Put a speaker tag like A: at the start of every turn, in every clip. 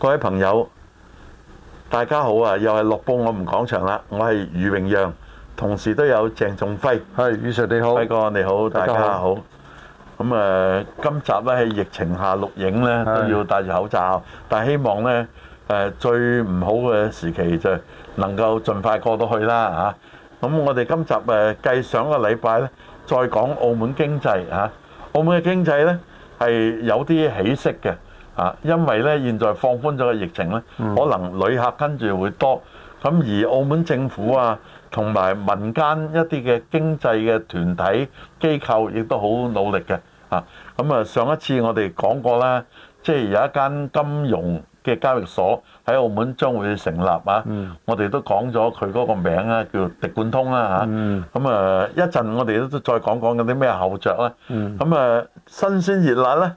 A: 各位朋友，大家好啊！又係樂報我們講場啦，我係余榮讓，同時都有鄭仲輝。係余 Sir 你好，輝哥你好，大家好。咁誒，今集咧，喺疫情下錄影咧，都要戴住口罩。但係希望咧，誒，最唔好嘅時期就能夠盡快過到去啦，吓。咁我哋今集誒繼上一個禮拜咧，再講澳門經濟吓。澳門嘅經濟咧，係有啲起色嘅。啊，因為咧現在放寬咗個疫情咧，可能旅客跟住會多，咁而澳門政府啊，同埋民間一啲嘅經濟嘅團體機構亦都好努力嘅。啊，咁啊上一次我哋講過啦，即係有一間金融嘅交易所喺澳門將會成立啊，我哋都講咗佢嗰個名啊，叫迪冠通啦嚇，咁啊一陣我哋都再講講嗰啲咩後著咧，咁啊新鮮熱辣咧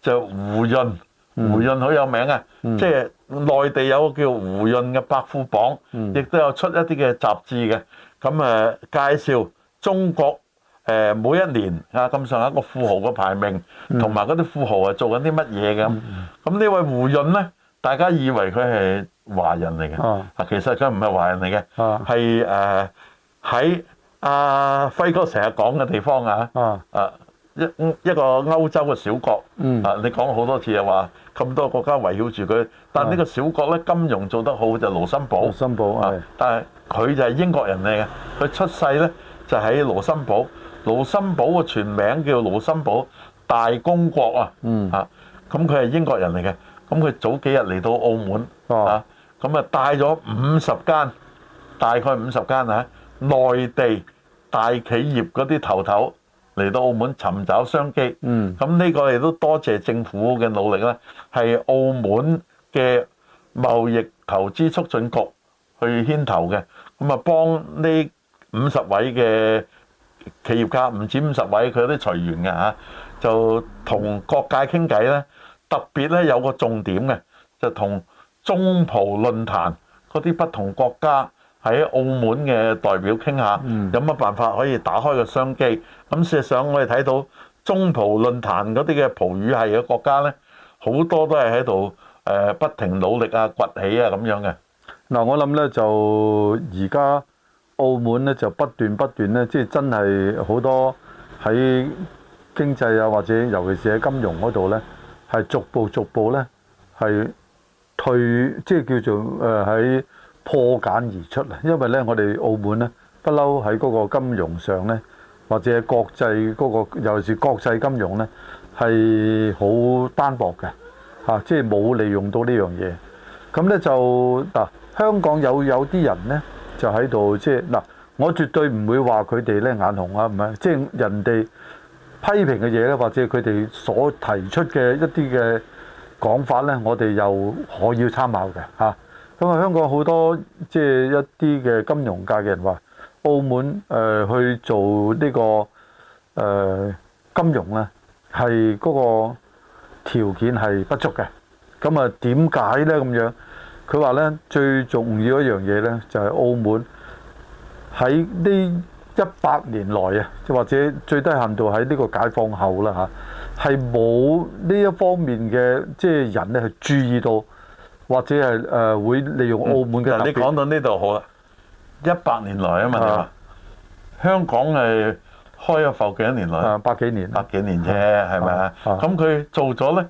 A: 就胡潤。嗯、胡潤好有名啊，嗯、即係內地有個叫胡潤嘅百富榜，亦、嗯、都有出一啲嘅雜誌嘅，咁誒、啊、介紹中國誒每一年啊咁上下一個富豪嘅排名，同埋嗰啲富豪係做緊啲乜嘢嘅。咁呢、嗯嗯、位胡潤咧，大家以為佢係華人嚟嘅，啊，其實佢唔係華人嚟嘅，係誒喺阿輝哥成日講嘅地方啊，啊。啊一一個歐洲嘅小國啊，嗯、你講好多次又話咁多國家圍繞住佢，但呢個小國咧、嗯、金融做得好就係盧森堡。盧森堡啊，的但係佢就係英國人嚟嘅，佢出世咧就喺、是、盧森堡。盧森堡嘅全名叫盧森堡大公國啊，嚇咁佢係英國人嚟嘅，咁佢早幾日嚟到澳門啊，咁、嗯、啊、嗯嗯、帶咗五十間，大概五十間啊，內地大企業嗰啲頭頭。嚟到澳門尋找商機，嗯，咁呢個亦都多謝政府嘅努力啦，係澳門嘅貿易投資促進局去牽頭嘅，咁啊幫呢五十位嘅企業家，唔止五十位，佢有啲隨緣嘅嚇，就同各界傾偈咧，特別咧有個重點嘅，就同中葡論壇嗰啲不同國家。喺澳門嘅代表傾下，嗯、有乜辦法可以打開個商機？咁事實上我哋睇到中葡論壇嗰啲嘅葡語系嘅國家咧，好多都係喺度誒不停努力啊、崛起啊咁樣嘅。嗱、
B: 嗯，我諗咧就而家澳門咧就不斷不斷咧，即係真係好多喺經濟啊，或者尤其是喺金融嗰度咧，係逐步逐步咧係退，即係叫做誒喺。呃破繭而出啊！因為咧，我哋澳門咧，不嬲喺嗰個金融上咧，或者係國際嗰、那個，尤其是國際金融咧，係好單薄嘅嚇、啊，即係冇利用到呢樣嘢。咁咧就嗱、啊，香港有有啲人咧，就喺度即係嗱，我絕對唔會話佢哋咧眼紅啊，唔係，即係人哋批評嘅嘢咧，或者佢哋所提出嘅一啲嘅講法咧，我哋又可以參考嘅嚇。啊。咁啊，香港好多即係一啲嘅金融界嘅人話，澳門誒去做呢個誒金融咧，係嗰個條件係不足嘅。咁啊，點解咧咁樣？佢話咧，最重要一樣嘢咧，就係澳門喺呢一百年來啊，即或者最低限度喺呢個解放後啦嚇，係冇呢一方面嘅即係人咧係注意到。或者係誒會利用澳門嘅特別，你講
A: 到呢度好啦。一百年來啊嘛，你、啊、香港係開埠幾多年來？百幾年，百幾年啫，係咪啊？咁佢做咗呢，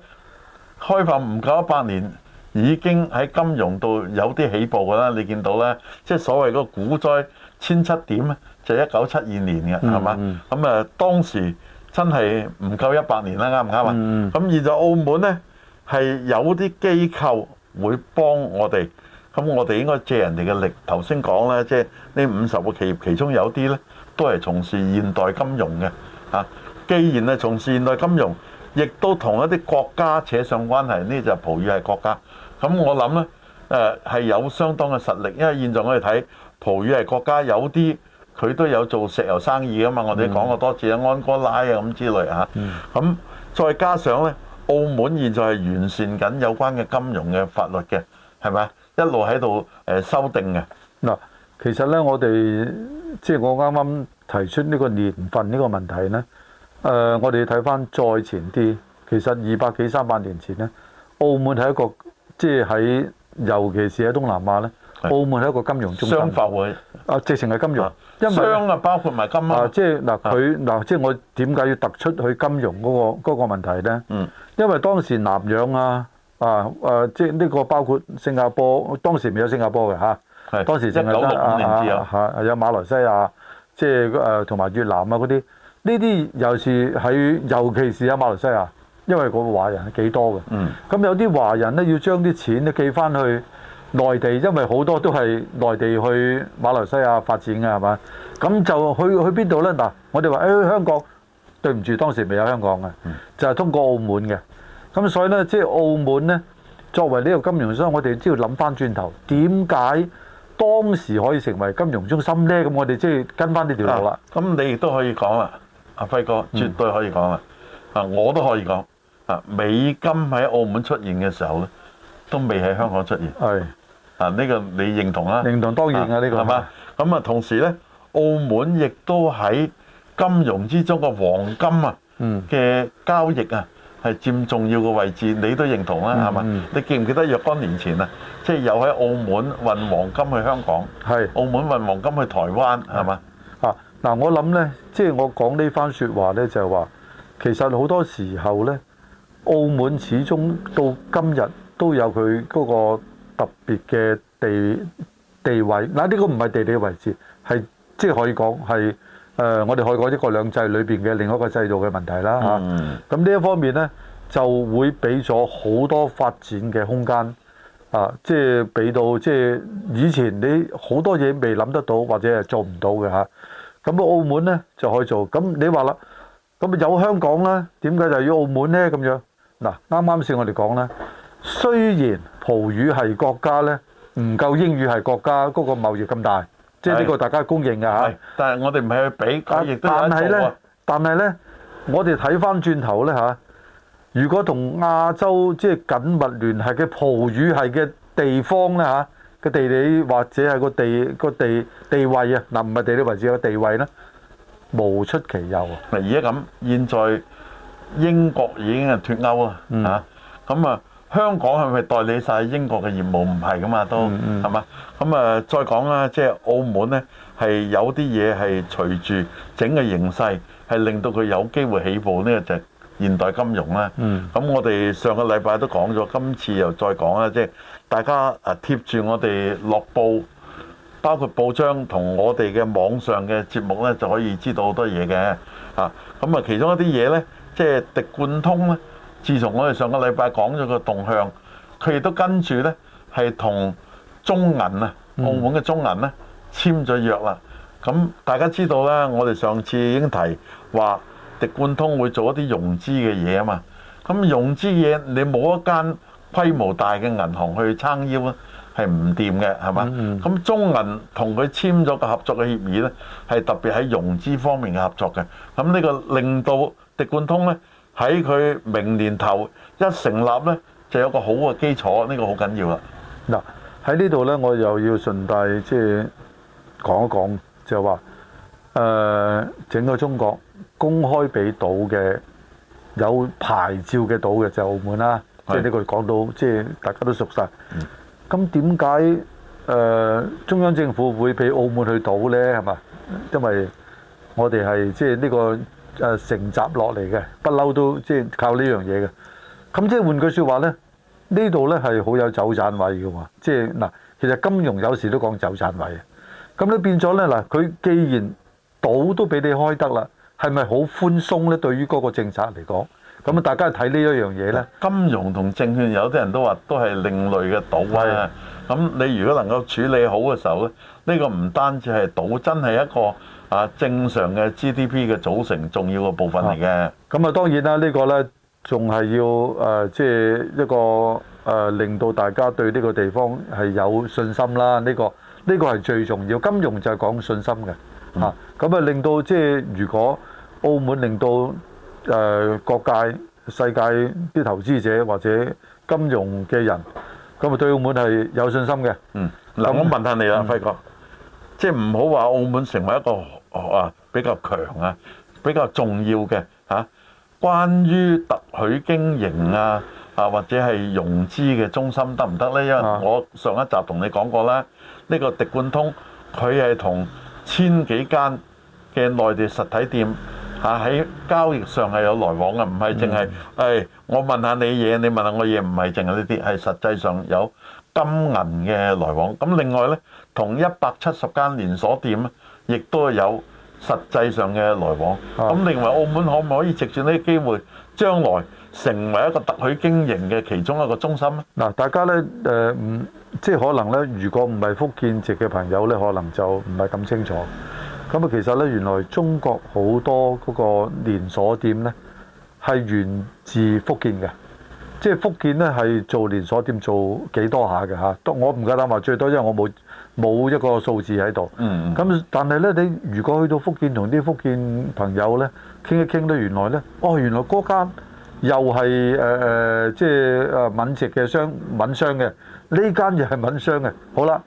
A: 開埠唔夠一百年，已經喺金融度有啲起步噶啦。你見到呢，即、就、係、是、所謂個股災千七點，就一九七二年嘅，係嘛？咁誒、嗯嗯、當時真係唔夠一百年啦，啱唔啱啊？咁現在澳門呢，係有啲機構，會幫我哋，咁我哋應該借人哋嘅力。頭先講咧，即係呢五十個企業，其中有啲咧都係從事現代金融嘅。啊，既然係從事現代金融，亦都同一啲國家扯上關係呢，就係葡語系國家。咁我諗咧，誒、呃、係有相當嘅實力，因為現在我哋睇葡語系國家有啲佢都有做石油生意嘅嘛。我哋講過多次啊，嗯、安哥拉啊咁之類嚇。咁、啊嗯嗯、再加上咧。澳門現在係完善緊有關嘅金融嘅法律嘅，係咪？一路喺度誒修訂嘅。嗱，其實呢，我哋即係我啱啱提出呢個年
B: 份呢個問題呢，誒、呃，我哋睇翻再前啲，其實二百幾三百年前呢，澳門係一個即係喺尤其是喺東南亞呢。澳門係一個金融中心，商埠啊，直情係金融，雙啊，因為商啊包括埋金啊，即係嗱佢嗱，即係的我點解要突出佢金融嗰、嗰個嗰、嗰個問題咧？嗯，因為當時南洋啊啊啊，即係呢個包括新加坡，當時未有新加坡嘅嚇、啊，當時成九六五年之後 fungus 啊嚇、啊，有馬來西亞，即係誒同埋越南啊嗰啲，呢啲尤其喺，尤其是喺馬來西亞，因為嗰個華人係幾多嘅，嗯，咁有啲華人咧要將啲錢咧寄翻去。內地因為好多都係內地去馬來西亞發展嘅係嘛？咁就去去邊度呢？嗱，我哋話誒香港對唔住，當時未有香港嘅，就係、是、通過澳門嘅。咁所以呢，即係澳門呢，作為呢個金融商，我哋只要諗翻轉頭，點解當時可以成為金融中心呢？咁我哋即係跟翻呢條路啦。咁、啊、你亦都可以
A: 講啦，阿輝哥絕對可以講啦。啊、嗯，我都可以講。啊，美金喺澳門出現嘅時候呢，都未喺香港出現。係、嗯。啊！呢個你認同啦，認同當然啊，呢個係嘛？咁啊，同時咧，澳門亦都喺金融之中嘅黃金啊嘅交易啊，係佔重要嘅位置。你都認同啦，係嘛？你記唔記得若干年前啊，即係又喺澳門運黃金去香港，係澳門運黃金去台灣，係嘛？啊！嗱，我諗咧，即係
B: 我講呢番説話咧，就係話，其實好多時候咧，澳門始終到今日都有佢嗰個。特別嘅地地位，嗱，呢個唔係地理位置，係即係可以講係，誒，我哋可以講一國兩制裏邊嘅另一個制度嘅問題啦嚇。咁呢一方面咧，就會俾咗好多發展嘅空間啊，即係俾到即係以前你好多嘢未諗得到或者係做唔到嘅嚇。咁啊，澳門咧就可以做。咁你話啦，咁有香港咧，點解就要澳門咧咁樣？嗱，啱啱先我哋講咧，雖然葡語系國家咧唔夠英語系國家嗰個貿易咁大，即係呢個大家公認嘅嚇。
A: 但係我哋唔係去比交易，但係咧，
B: 但係咧，我哋睇翻轉頭咧嚇，如果同亞洲即係緊密聯繫嘅葡語系嘅地方咧嚇，個地理或者係個地個地地位啊，嗱唔係地理位置，個地位咧，無出
A: 其右。嗱而家咁，現在英國已經係脫歐啊嚇，咁啊～香港係咪代理晒英國嘅業務？唔係噶嘛，都係嘛？咁啊、嗯，再講啦，即係澳門呢，係有啲嘢係隨住整個形勢，係令到佢有機會起步呢，呢個就現代金融啦。咁、嗯、我哋上個禮拜都講咗，今次又再講啦，即係大家啊貼住我哋樂報，包括報章同我哋嘅網上嘅節目呢，就可以知道好多嘢嘅。啊，咁啊，其中一啲嘢呢，即係迪冠通呢。自從我哋上個禮拜講咗個動向，佢亦都跟住呢係同中銀啊，澳門嘅中銀呢簽咗約啦。咁、嗯、大家知道啦，我哋上次已經提話，迪冠通會做一啲融資嘅嘢啊嘛。咁、嗯嗯、融資嘢你冇一間規模大嘅銀行去撐腰咧，係唔掂嘅，係嘛？咁中銀同佢簽咗個合作嘅協議呢，係特別喺融資方面嘅合作嘅。咁呢個令到迪冠通呢。喺佢明年頭一成立呢，就有個好嘅基礎，呢個好緊要啦。嗱喺呢度呢，我又要順
B: 帶即係講一講，就係話誒整個中國公開俾賭嘅有牌照嘅賭嘅就澳門啦，即係呢個講到即係大家都熟曬。咁點解誒中央政府會俾澳門去賭呢？係嘛？因為我哋係即係呢個。誒承襲落嚟嘅，不嬲都即係靠呢樣嘢嘅。咁即係換句説話呢，呢度呢係好有走盞位嘅喎。即係嗱，其實金融有時都講走盞位。咁你變咗呢，嗱，佢既然賭都俾你開得啦，
A: 係咪好寬鬆呢？對於嗰個政策嚟講，咁啊大家睇呢一樣嘢呢，金融同證券有啲人都話都係另類嘅賭威。咁的你如果能夠處理好嘅時候呢，呢、呢個唔單止係賭，真係一個。啊，正常嘅 GDP 嘅組成重要嘅部分嚟嘅。
B: 咁啊，當然啦，呢個咧仲係要誒，即係一個誒，令到大家對呢個地方係有信心啦。呢個呢個係最重要。金融就係講信心嘅吓。咁啊，令到即係如果澳門令到誒各界、世界啲投資者或者金融嘅人，咁啊對澳門係有信心嘅。嗯。嗱，我問下
A: 你啦，輝哥，即係唔好話澳門成為一個。啊，比較強、比較重要嘅吓，關於特許經營啊或者係融資嘅中心得唔得呢？因為我上一集同你講過啦，呢個迪冠通佢係同千幾間嘅內地實體店喺交易上係有來往嘅，唔係淨係我問下你嘢，你問下我嘢，唔係淨係呢啲，係實際上有金銀嘅來往，咁另外呢，同一百七十間連鎖店亦都有實際上嘅來往，咁你認為澳門可唔可以藉住呢個機會，將來成為一個特許經營嘅其中一個中心咧？嗱，大家咧誒，即係可能咧，如果唔係福建
B: 籍嘅朋友咧，可能就唔係咁清楚。咁啊，其實咧，原來中國好多嗰個連鎖店咧，係源自福建嘅，即係福建咧係做連鎖店做幾多下嘅嚇。我唔夠膽話最多，因為我冇。冇一個數字喺度，咁、嗯、但係呢，你如果去到福建同啲福建朋友呢傾一傾咧，原來呢哦原來嗰間又係誒誒即係誒閩籍嘅商閩商嘅，呢間又係閩商嘅，好啦，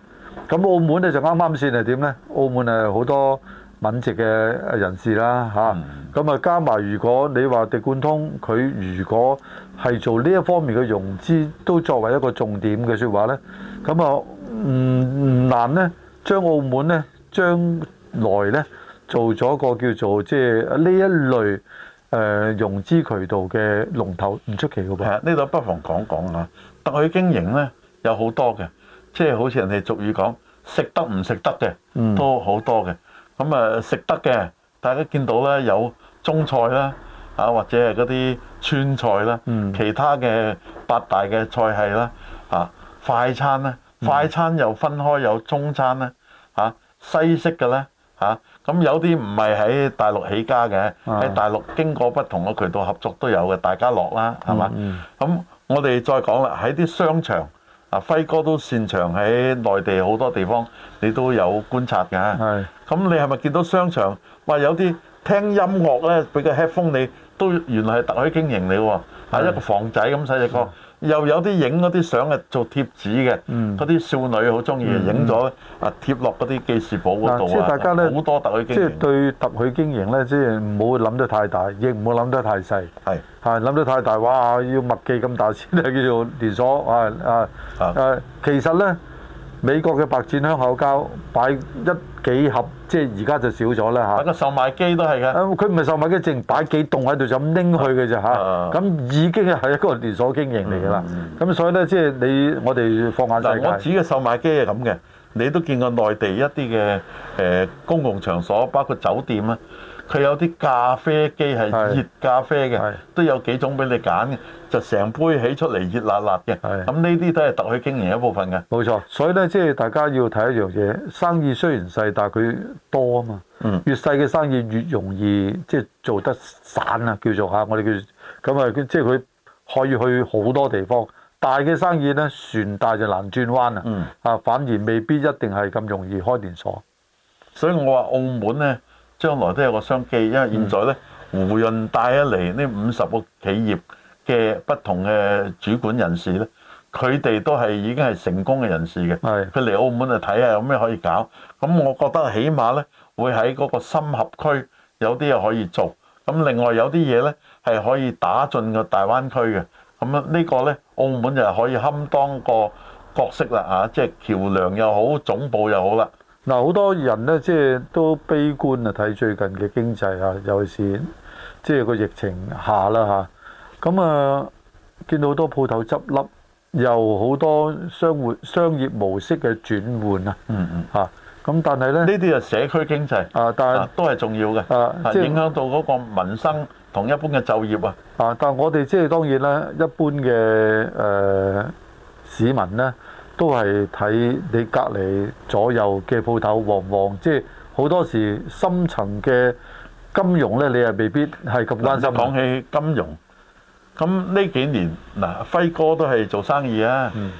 B: 咁澳門呢就啱啱先係點呢？澳門係好多閩籍嘅人士啦嚇，咁啊、嗯、加埋如果你話地貫通佢如果係做呢一方面嘅融資，都作為一個重點嘅説話呢。咁我。唔、嗯、難咧，將澳門咧將來咧做咗個叫做即係呢一類誒、呃、融資渠道嘅龍頭，唔出奇嘅噃。係啊，呢度不
A: 妨講講啊。特許經營咧有多、就是、好多嘅，即係好似人哋俗語講，食得唔食得嘅、嗯、都好多嘅。咁、嗯、啊，食得嘅大家見到咧有中菜啦，啊或者係嗰啲川菜啦，嗯、其他嘅八大嘅菜系啦，啊快餐咧。快餐又分開有中餐咧，嚇、啊、西式嘅咧嚇，咁、啊、有啲唔係喺大陸起家嘅，喺、嗯、大陸經過不同嘅渠道合作都有嘅，大家樂啦，係嘛？咁、嗯嗯、我哋再講啦，喺啲商場，啊輝哥都擅長喺內地好多地方，你都有觀察嘅。係、嗯，咁你係咪見到商場？喂，有啲聽音樂咧俾個 headphone 你，你都原來係特許經營嚟喎，係、嗯、是一個房仔咁細隻角。又有啲影嗰啲相嘅做貼紙嘅，嗰啲、嗯、少女好中意，影咗啊貼落嗰啲記事簿嗰度啊，好、嗯、多特許經即係
B: 對特許經營咧，即係唔好諗得太大，亦唔好諗得太細。係係諗得太大，哇！要麥記咁大先係叫做連鎖啊啊是啊！其實咧，美國嘅白箭香口膠擺一幾盒。即係而家就少咗啦嚇，個售賣機都係嘅。佢唔係售賣機，淨擺幾棟喺度就咁拎去嘅啫嚇。咁、啊啊、已經係一個連鎖經營
A: 嚟嘅啦。咁、嗯、所以咧，即係你我哋放眼世界，我指嘅售賣機係咁嘅。你都見過內地一啲嘅誒公共場所，包括酒店啊。佢有啲咖啡機係熱咖啡嘅，係都有幾種俾你揀嘅，就成杯起出嚟熱辣辣嘅。咁呢啲都係特許經營一部分嘅。冇錯，所以咧，即係大家要睇一
B: 樣嘢，生意雖然細，但係佢多啊嘛。嗯，越細嘅生意越容易即係做得散啊，叫做嚇我哋叫咁啊，即係佢可以去好多地方。大嘅生意咧，船大就難轉彎啊。嗯。啊，反而未必一定係
A: 咁容易開連鎖。所以我話澳門咧。將來都有個商機，因為現在呢，胡潤帶一嚟呢五十個企業嘅不同嘅主管人士呢，佢哋都係已經係成功嘅人士嘅。佢嚟澳門就睇下有咩可以搞？咁我覺得起碼呢會喺嗰個深合區有啲嘢可以做。咁另外有啲嘢呢係可以打進個大灣區嘅。咁呢個呢，澳門就可以堪當個角色啦嚇，啊，即係橋梁又好，總部又好啦。
B: 嗱，好多人咧，即係都悲觀啊，睇最近嘅經濟啊，尤其是即係個疫情下啦嚇。咁啊，見到好多鋪頭執笠，又好多商活商業模式嘅轉換啊。嗯嗯。
A: 嚇，咁但係咧，呢啲係社區經濟啊，但係都係重要嘅。啊，即係影響到嗰個民生同一般嘅就業啊。
B: 啊，但係我哋即係當然啦，一般嘅誒、呃、市民咧。都係睇你隔離左右嘅鋪頭旺唔旺，即係好多時深層嘅金融呢，
A: 你又未必係咁關心。講起金融，咁呢幾年嗱，輝哥都係做生意啊。嗯、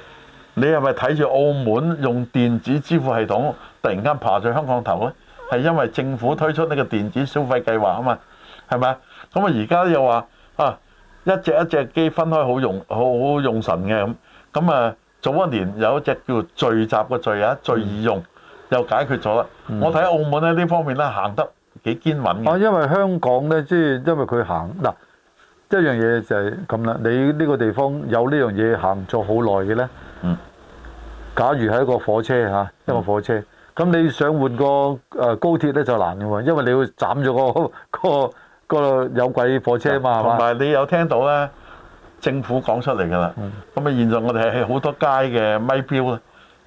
A: 你係咪睇住澳門用電子支付系統突然間爬上香港頭呢？係因為政府推出呢個電子消費計劃啊嘛，係咪咁啊，而家又話啊，一隻一隻機分開好用，好好用神嘅咁，咁啊～早一年有一隻叫聚集嘅聚啊，聚易用又解決咗啦。我睇澳門咧呢、嗯、方面咧行得幾堅穩啊，因為
B: 香港咧，即、就、係、是、因為佢行嗱、啊、一樣嘢就係咁啦。你呢個地方有呢樣嘢行咗好耐嘅咧。嗯、假如係一個火車嚇，一、啊、個火車咁，嗯、你想換個誒高鐵咧就難嘅喎，因為你要斬咗個個
A: 個個有軌火車嘛。同埋、啊、你有聽到咧？啊政府講出嚟㗎啦，咁啊現在我哋係好多街嘅咪標咧，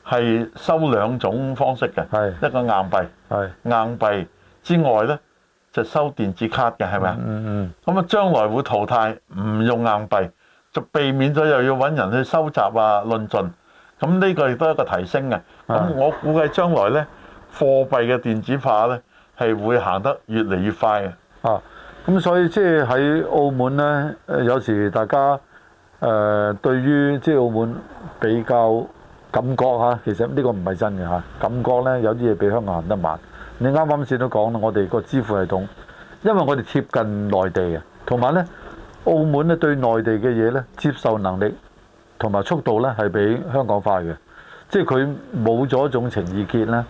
A: 係收兩種方式嘅，的一個硬幣，的硬幣之外咧就收電子卡嘅，係咪啊？咁啊、嗯嗯嗯、將來會淘汰唔用硬幣，就避免咗又要揾人去收集啊論盡，咁呢個亦都係一個提升嘅。咁的我估計將來咧貨幣嘅電子化咧係會行得越嚟越快嘅。啊！咁
B: 所以即係喺澳門呢，誒有時大家誒、呃、對於即係澳門比較感覺嚇，其實呢個唔係真嘅嚇。感覺呢，有啲嘢比香港行得慢。你啱啱先都講啦，我哋個支付系統，因為我哋貼近內地啊，同埋呢，澳門呢對內地嘅嘢呢接受能力同埋速度呢，係比香港快嘅。即係佢冇咗一種情意結、啊、呢，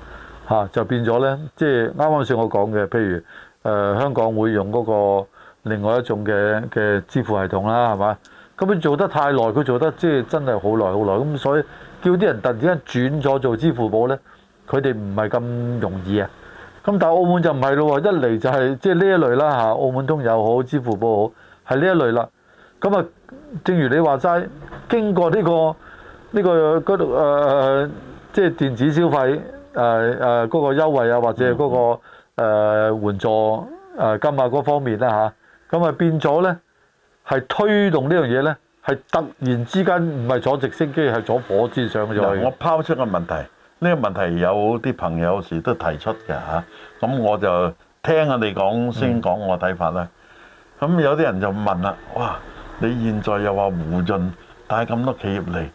B: 嚇就變咗呢。即係啱啱先我講嘅，譬如。誒、呃、香港會用嗰個另外一種嘅嘅支付系統啦，係嘛？咁佢做得太耐，佢做得即係真係好耐好耐，咁所以叫啲人突然之間轉咗做支付寶咧，佢哋唔係咁容易啊。咁但係澳門就唔係咯喎，一嚟就係即係呢一類啦嚇，澳門通又好，支付寶好，係呢一類啦。咁啊，正如你話齋，經過呢、呢個呢、呢個嗰度誒即係電子消費誒誒嗰個優惠啊，或者嗰、嗰個。嗯嗯誒，援助誒金啊嗰方面啦吓，咁啊變咗咧係推動呢樣嘢咧，係突然之
A: 間唔係坐直升機，係坐火箭上去。我拋出個問題，呢個問題有啲朋友時都提出嘅吓，咁我就聽你講先講我睇法啦。咁有啲人就問啦，哇，你現在又話胡潤帶咁多企業嚟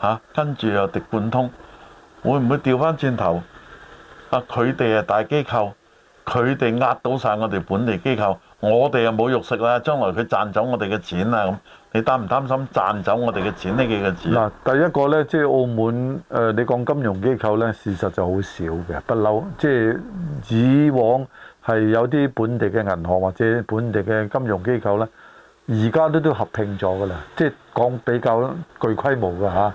A: 吓，跟住又滴灌通，會唔會調翻轉頭啊？佢哋係大機構。佢哋呃到晒我哋本地機構，我哋又冇肉食啦。將來佢賺走我哋嘅錢啦咁，你擔唔擔心賺走我哋嘅錢呢？幾個字嗱，
B: 第一個呢，即係澳門誒，你講金融機構呢，事實就好少嘅，不嬲。即係以往係有啲本地嘅銀行或者本地嘅金融機構呢，而家都都合併咗㗎啦。即係講比較具規模㗎吓。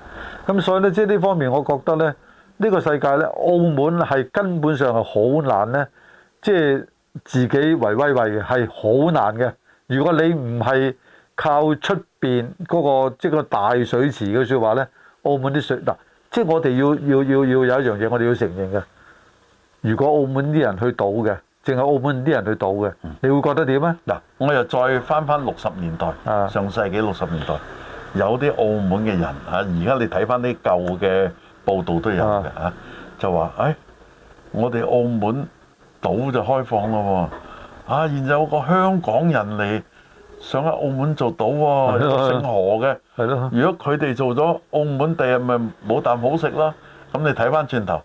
B: 咁所以呢，即係呢方面，我覺得呢，呢個世界呢，澳門係根本上係好難呢。即係自己維維維係好難嘅。如果你唔係靠出邊嗰個即係個大水池嘅説話咧，澳門啲水嗱，即係我哋要要要要有一樣嘢，我哋要承認嘅。如果澳門啲人去賭嘅，淨係澳門啲人去賭嘅，嗯、你會覺得點
A: 咧？嗱，我又再翻翻六十年代、啊、上世紀六十年代有啲澳門嘅人嚇，而家你睇翻啲舊嘅報道都有嘅嚇，啊、就話誒、哎，我哋澳門。賭就開放咯喎、啊，啊，現在有個香港人嚟想喺澳門做賭喎、啊，的姓何嘅，係咯的。如果佢哋做咗澳門地，咪冇啖好食啦。咁你睇翻轉頭，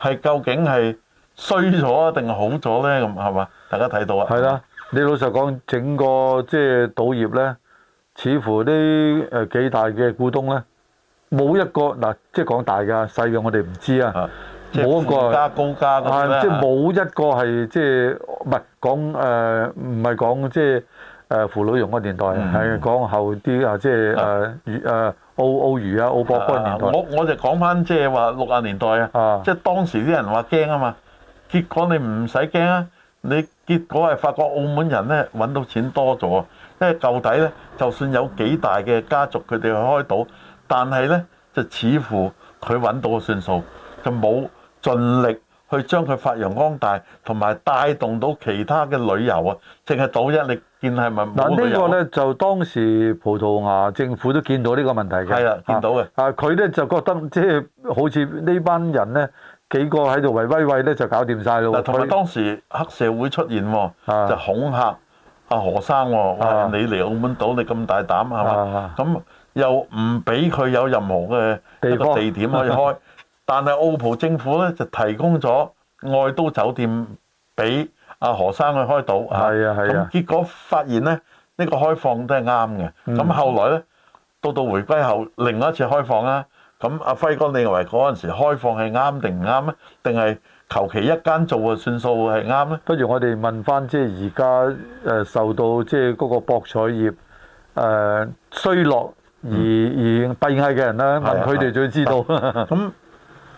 A: 係究竟係衰咗定係好咗咧？咁係嘛？大家睇到啊？係啦，你老
B: 實講，整個即係、就是、賭業咧，似乎啲誒幾大嘅股東咧，冇一個嗱、啊，即係講大㗎，細嘅我哋唔知啊。冇一
A: 個是啊！啊，即係冇
B: 一個係即係唔係講誒？唔係講即係誒傅老榕嘅年代，係講後啲啊，即係誒娛誒澳澳娛啊、澳博嗰年代。我
A: 我就講翻即係話六十年代啊，即係當時啲人話驚啊嘛，結果你唔使驚啊，你結果係發覺澳門人咧揾到錢多咗，因為舊底咧，就算有幾大嘅家族佢哋去開賭，但係咧就似乎佢揾到嘅算數就冇。盡力去將佢發揚光大，同埋帶動到其他嘅旅遊啊！淨係賭一力見係咪冇旅遊？嗱，是是個呢個咧
B: 就當時葡萄牙政府都見到呢個問題嘅，係啊，見到嘅。啊，佢咧就覺得即係好似呢班人咧幾個喺度
A: 威威威咧就搞掂晒咯。同埋有他當時黑社會出現的就恐嚇阿、啊、何生喎，哎、的你嚟澳門賭你咁大膽係嘛？咁又唔俾佢有任何嘅一,一個地點可以開。但係澳葡政府咧就提供咗愛都酒店俾阿何生去開到，係啊係啊，啊。結果發現咧呢、呢個開放都係啱嘅。咁、嗯、後來咧到到回歸後，另外一次開放啦、啊。咁、啊、阿輝哥，你認為嗰陣時開放係啱定唔啱咧？定係求其一間做嘅算數係啱咧？不如我哋問翻即係而家誒
B: 受到即係嗰個博彩業誒衰落而而
A: 閉翳嘅人啦，問佢哋最知道咁、啊啊。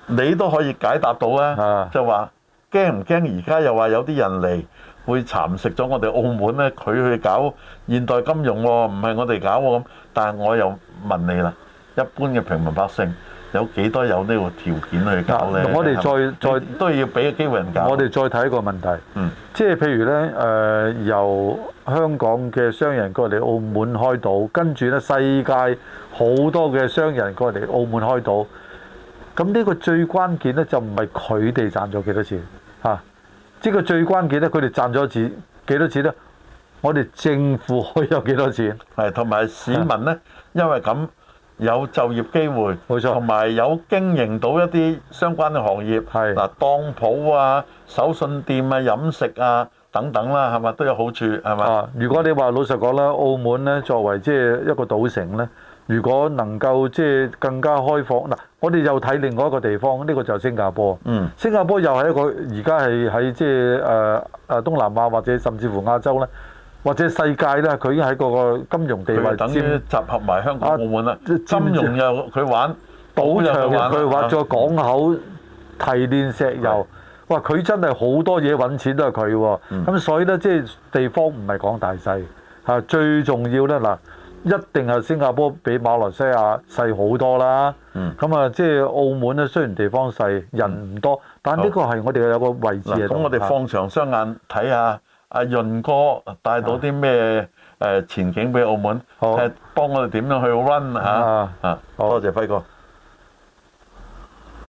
A: 你都可以解答到咧，是啊、就話驚唔驚？而家又話有啲人嚟會蠶食咗我哋澳門咧，佢去搞現代金融喎、哦，唔係我哋搞喎咁。但係我又問你啦，一般嘅平民百姓有幾多有呢個條件去搞呢？啊、我哋再是是再
B: 都要俾個機會人搞。我哋再睇一個問題，嗯，即係譬如呢，誒、呃、由香港嘅商人過嚟澳門開賭，跟住呢世界好多嘅商人過嚟澳門開賭。咁呢個最關鍵呢，就唔係佢哋賺咗幾多錢，嚇、啊！即、這、係、個、最關鍵呢，佢哋賺咗錢幾多錢呢？
A: 我哋政府可以有幾多錢？係同埋市民呢，是因為咁有就業機會，冇錯。同埋有，有經營到一啲相關嘅行業，係嗱是、啊，當鋪啊、手信店啊、飲食啊等等啦、啊，係咪都有好處，係咪、
B: 啊。如果你話、嗯、老實講啦，澳門呢作為即係一個賭城呢，如果能夠即係更加開放嗱。啊我哋又睇另外一個地方，呢、這個就係新加坡。嗯，新加坡又係一個而家係喺即係誒誒東南亞或者甚至乎亞洲咧，或者世界咧，佢已經喺嗰個金融地位。佢等於集合埋香港、澳門啦。金融
A: 又佢玩，賭場、啊、又佢玩，再、啊、
B: 港口提煉石油，是哇！佢真係好多嘢揾錢都係佢。咁、嗯、所以咧，即係地方唔係講大細嚇、啊，最重要咧嗱。啊一定係新加坡比馬來西亞細好多啦，咁啊即係澳門咧，雖然地方細，人唔多，但呢個係我哋有個位置，咁、嗯、我哋放
A: 長雙眼睇下、啊，阿潤哥帶到啲咩誒前景俾澳門，誒、啊、幫我哋點樣去 run 嚇啊！啊多謝輝哥。